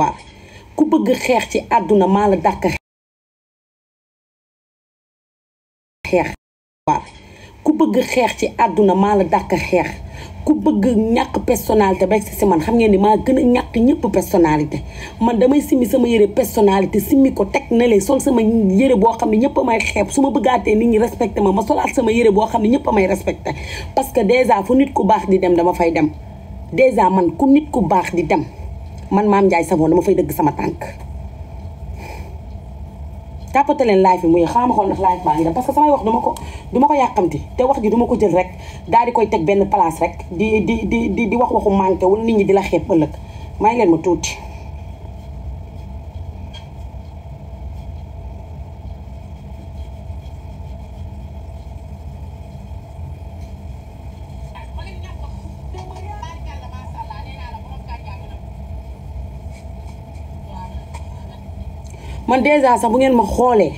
waaw ku bëgg xeex ci àdduna maa la dàq xeex ku bëgg xeex ci àdduna maa la dàq xeex ku bëgg ñàkk personnalité ba si man xam ngeen ni maa gën a ñàkk ñëpp personnalité man damay simmi sama yére personnalité simmi ko teg na leen sol sama yére boo xam ne ñëpp a may xeeb su ma bëggaatee nit ñi respecté ma ma solaat sama yére boo xam ne ñëpp a may respecté parce que dèjà fu nit ku baax di dem dama fay dem dèjà man ku nit ku baax di dem man maam Ndiaye Savon dama fay dëgg sama tànk tàppate leen live bi muy xaaral ma xool ndax live baa ngi dem parce que samay wax duma ko duma ko yàqamti te wax ji duma ko jël rek daal di koy teg benn place rek di di di di wax waxu manqué wala nit ñi di la xeeb ëllëg may leen ma tuuti. man dèjà sax bu ngeen ma xoolee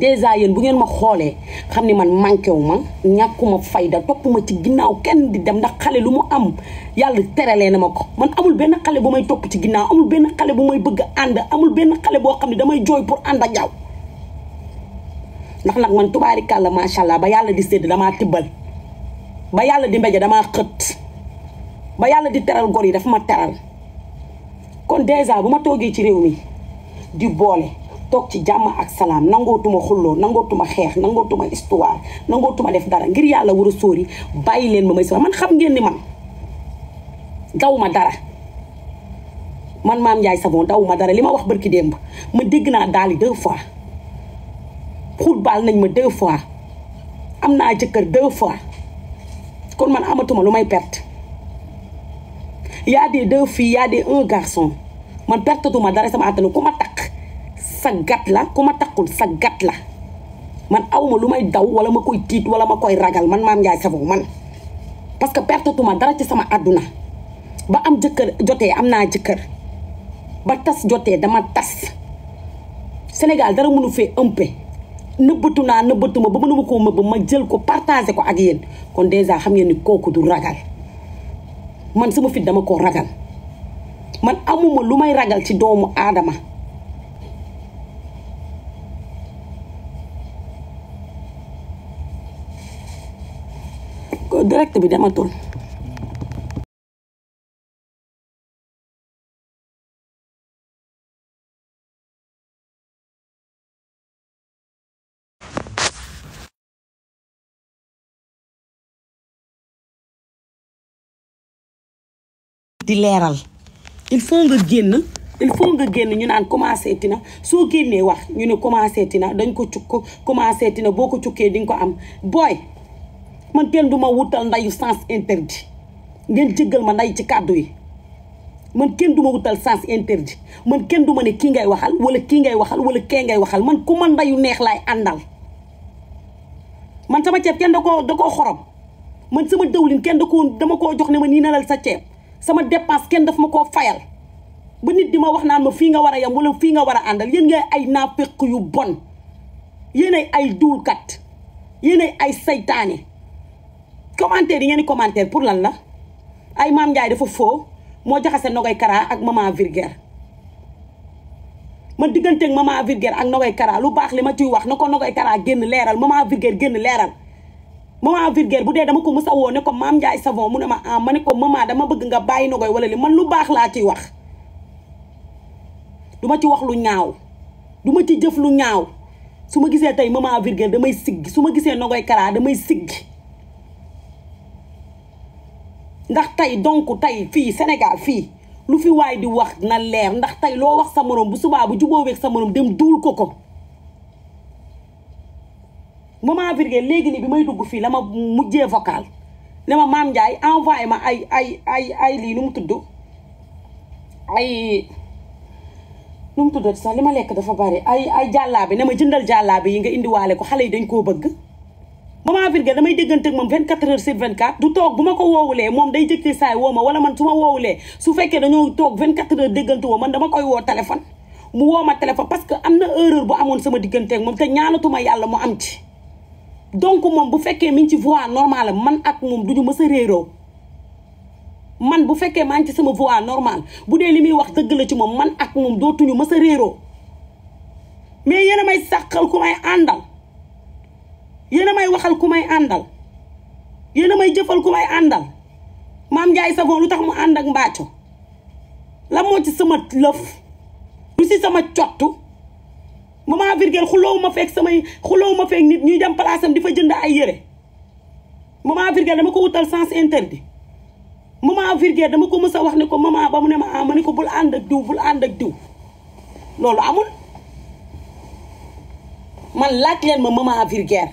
dèjà yéen bu ngeen ma xoolee xam ni man manqué wu ma ñàkkuma fayda topp ma ci ginnaaw kenn di dem ndax xale lu mu am yàlla teralee na ma ko man amul benn xale bu may topp ci ginnaaw amul benn xale bu may bëgg ànd amul benn xale boo xam ne damay jooy pour ànd a yow ndax nag man kàll macha allah ba yàlla di sédd damaa tibbal ba yàlla di mbeje damaa xët ba yàlla di teral gor yi dafa ma teral kon dèjà bu ma toogee ci réew mi di boole toog ci jàmm ak salaam nangootuma xulloo nangootuma xeex nangootuma histoire nangootuma def dara ngir yàlla war a sóori bàyyi leen ma may man xam ngeen ni man daw ma dara man maam Ndiaye Savon daw ma dara li ma wax barki démb ma dégg naa daali deux fois xutbaal nañ ma deux fois am naa jëkkër deux fois kon man amatuma lu may perte y a des deux filles y un garçon man pertatuma dara sama àttanu ku ma sa gat la ku ma takkul saggat la man awma lu may daw wala ma koy tiit wala ma koy ragal man Mame Ndiaye Savon man parce que pertetuma dara ci sama àdduna ba am jëkkër jotee am naa jëkkër ba tas jotee dama tas Sénégal dara mënu fee ëmpe nëbbatu naa nëbbatu ma ba mënuma koo mëbb ma jël ko partagé ko ak yéen kon dèjà xam ngeen ni kooku du ragal man sama fit dama koo ragal man amuma lu may ragal ci doomu aadama direct bi dematul. di leeral il faut nga génn il faut nga génn ñu naan commencé tina soo génnee wax ñu ne commencé tina dañ ko cukk commencé tina boo ko cukkee di ko am booy man kenn du ma wutal ndayu sens interdit ngeen jéggal ma nday ci kàddu yi man kenn du ma wutal sens interdit man kenn du ma ne kii ngay waxal wala kii ngay waxal wala kee ngay waxal man ku ma ndayu neex laay àndal man sama ceeb kenn da koo da koo xorom man sama dawlin kenn da koo dama koo jox ne ma nii nalal sa ceeb sama dépense kenn daf ma koo fayal ba nit di ma wax naan ma fii nga war a yam wala fii nga war a àndal yéen ngay ay naafeq yu bon yéenay ay duulkat yéenay ay saytaane commentaire yi ngeen di commentaire pour lan la ay maam Ndiaye dafa foo moo jaxase Nogaye Kara ak maman Virgère man digganteeg maman Virgère ak Nogaye karaa lu baax li ma ci wax na ko Nogaye Kara génn leeral maman Virgère génn leeral maman Virgère bu dee dama ko mës a woo ne ko maam Ndiaye savon mu ne ma ah ma ne ko maman dama bëgg nga bàyyi Nogaye wala li man lu baax laa ciy wax duma ci wax lu ñaaw duma ci jëf lu ñaaw su ma gisee tey maman Virgère damay sigg su ma gisee Nogaye Kara damay sigg ndax tey donc tey fii Sénégal fii lu fi waay di wax na leer ndax tey loo wax sa morom bu subaa bu jubóoweeg sa morom dem duul ko ko maman Virgile léegi nii bi may dugg fii la ma mujjee vocal ne ma maam Ndiaye envoyé ma ay ay ay lii nu mu tudd ay nu mu tudd sax li ma lekk dafa bari ay ay jàllaabi ne ma jëndal jàllaabi yi nga indiwaale ko xale yi dañ koo bëgg. maman Virgule damay déggante ak moom 24 heures sur 24 du toog bu ma ko woowulee moom day jëkkee saay woo ma wala man su ma woowulee su fekkee dañoo toog 24 heures déggante woo man dama koy woo téléphone mu woo ma téléphone parce que am na erreur bu amoon sama diggante ak moom te ñaanatuma yàlla mu am ci donc moom bu fekkee mi ngi ci voie normale man ak moom du ñu mës a réeroo man bu fekkee maa ngi ci sama voie normale bu dee li muy wax dëgg la ci moom man ak moom dootuñu mës a réeroo mais yéen a may sàqal ku may àndal yéen a may waxal ku may àndal yéen a may jëfal ku may àndal maam Ndiaye Savon lu tax mu ànd ak mbàcco la moo ci sama lëf lu si sama cottu maman Virgile xuloowu ma feeg samay xuloowu ma feeg nit ñuy dem place di fa jënd ay yére maman Virgile dama ko wutal sens interdit maman Virgile dama ko mës a wax ne ko maman ba mu ne ma ah ma ne ko bul ànd ak diw bul ànd ak diw loolu amul man laaj leen ma maman Virgile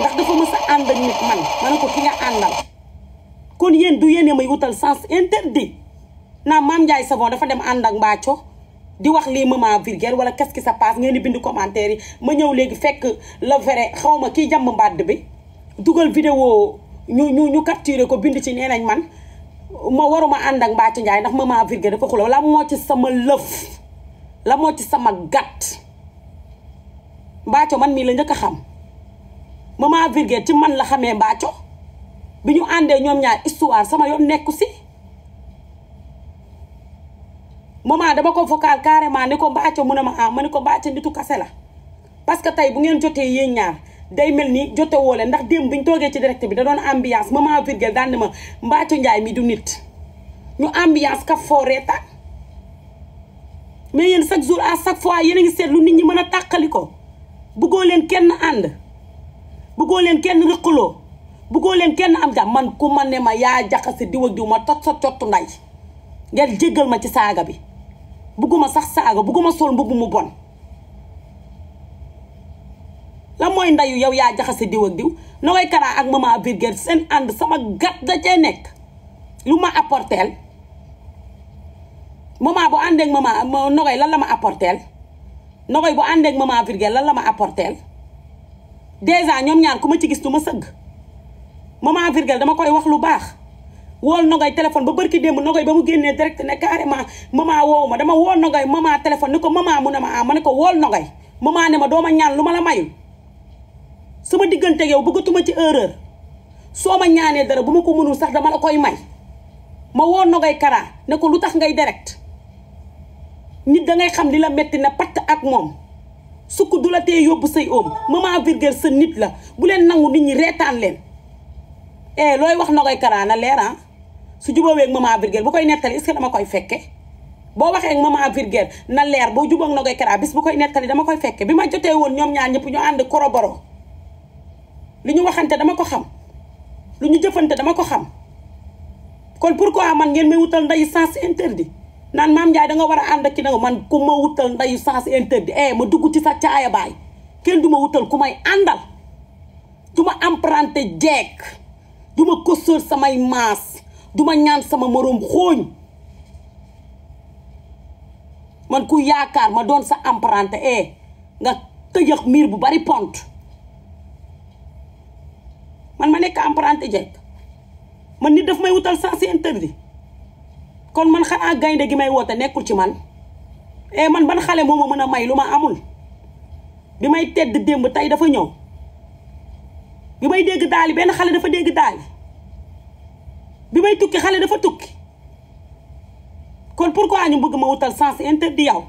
ndax dafa mës ànd ak nit man ma ne ko ki nga àndal kon yéen du yéene may wutal sens interdit naa maam Ndiaye Savon dafa dem ànd ak Mbacco di wax lii maman vulgaire wala qu'est-ce sa paas ngeen di bind commentaire yi ma ñëw léegi fekk la vrai xaw ma kii jàmm mbàdd bi dugal vidéo ñu ñu ñu capturé ko bind ci nee nañ man ma waruma ànd ak Mbacco Ndiaye ndax ma vulgaire dafa xuloo la moo ci sama lëf la moo ci sama gàtt Mbacco man mii la njëkk a xam. maman Virgile ci man la xamee mbaaco bi ñu àndee ñoom ñaar histoire sama yoon nekku si maman dama ko vocal carrément ni ko mbaaco mu ne ma ah ma ni ko mbaaco nitu kase la parce que tey bu ngeen jotee yéen ñaar day mel ni jote woole ndax démb bi ñu toogee ci direct bi da doon ambiance maman Virgile daan ma mbaaco njaay mi du nit ñu ambiance ka fooreta mais yéen chaque jour à chaque fois yéen a ngi seetlu nit ñi mën a tàqali ko bëggoo leen kenn ànd bëggoo leen kenn rëqaloo bëggoo leen kenn am jàmm man ku ma ne ma yaa jaxase diw ak diw ma tot sa cottu nday ngeen jéggal ma ci saaga bi bëgguma sax saaga bëgguma sol mbubb mu bon la mooy ndayu yow yaa jaxase diw ak diw Nogaye Kara ak Mama Birguel seen ànd sama gat da cee nekk lu ma apporteel Mama bu àndeek Mama Nogaye lan la ma apporteel Nogaye bu àndeek Mama Birguel lan la ma apporteel dèjà ñoom ñaan ku ma ci gis du ma sëgg maman virgule dama koy wax lu baax wool nogay téléphone ba bërki démb nogay ba mu génnee direct ne carrément ma woowu ma dama woo nogay maman téléphone ni ko maman mu ne ma ah ma ne ko wool nogay mamaa ne ma dooma ñaan lu ma la mayul sama diggante yow bëggatuma ci erreur soo ma ñaanee dara bu ma ko mënul sax dama la koy may ma woo nogay karaa ne ko lu tax ngay direct nit da ngay xam li la metti na patt ak moom sukk du la tee yóbbu say oom maman Virgule sa nit la bu leen nangu nit ñi reetaan leen eh looy wax na koy karaana leer ah su jubóowee ak maman Virgule bu koy nettali est-ce que dama koy fekke boo waxee ak maman na leer boo jubóog na koy karaa bis bu koy nettali dama koy fekke bi ma jotee woon ñoom ñaar ñëpp ñoo ànd koroboro lu ñu waxante dama ko xam lu ñu jëfante dama ko xam kon pour pourquoi man ngeen may wutal nday sens interdit naan maam Ndiaye da war a ànd ak ki nga man ku ma wutal ndayu sens interdit eh ma dugg ci sa caaya baay kenn du ma wutal ku may àndal du ma emprunté jeeg du ma kosóor samay maas du ma ñaan sama moroom xooñ man ku yaakaar ma doon sa emprunté eh nga tëjëx miir bu bari pont man ma nekk empranté jeeg man nit daf may wutal sens interdit kon man xanaa gaynde gi may woote nekkul ci man e man ban xale moo ma mën a may lu ma amul bi may tedd démb tey dafa ñëw bi may dégg daali benn xale dafa dégg daali bi may tukki xale dafa tukki kon pourquoi ñu bëgg ma wutal sens interdit yow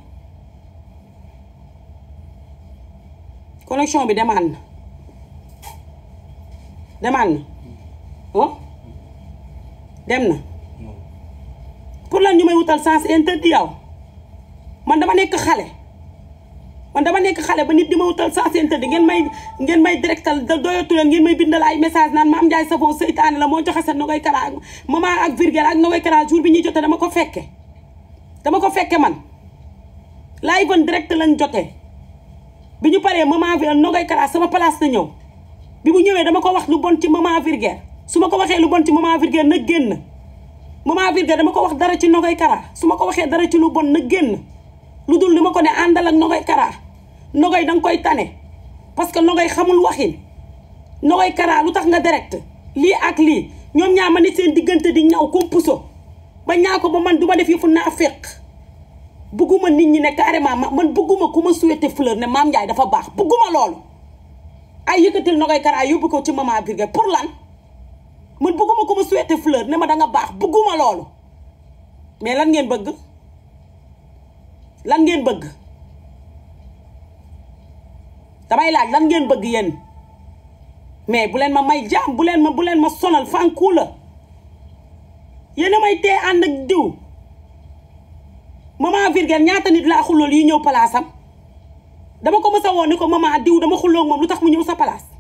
connexion bi demaan na demaan na oh dem na lan ñu may wutal sens di yow man dama nekk xale man dama nekk xale ba nit di ma wutal sens interdit ngeen may ngeen may directal da doyatu leen ngeen may bindal ay message naan Mame Ndiaye Savon seytaane la moo joxe sa Nogaye Kara ak maman ak Virgile ak Nogaye Kara jour bi ñuy jotee dama ko fekke dama ko fekke man laay ban direct lañ jotee bi ñu paree maman Virgile Nogaye Kara sama place na ñëw bi mu ñëwee dama ko wax lu bon ci maman Virgile su ma ko waxee lu bon ci moment maman Virgile na génn maman Virga dama ko wax dara ci Nogoy Kara su ma ko waxee dara ci lu bon na génn lu dul lu ma ko ne àndal ak Nogoy Kara Nogoy danga koy tane parce que Nogoy xamul waxin Nogoy Kara lu tax nga direct lii ak lii ñoom ñaa ma ne seen diggante di ñaw comme puso ba ñaa ko ba man du ma def yëfu naa féq bëgguma nit ñi ne carrément ma man bëgguma ku ma souhaité fleur ne Maam Ndiaye dafa baax bëgguma loolu ay yëkkatil Nogoy Kara yóbbu ko ci maman Virga pour lan man bëgguma ko ma souhaité fleur ne ma da nga baax bëgguma loolu mais lan ngeen bëgg lan ngeen bëgg damay laaj lan ngeen bëgg yéen mais bu leen ma may jaam bu leen ma bu leen ma sonal fànku la yéen a may tee ànd ak diw maman Virgile ñaata nit laa xullool yi ñëw palaasam dama ko mës a woon ni ko maman diw dama xuloo moom lu tax mu ñëw sa palaas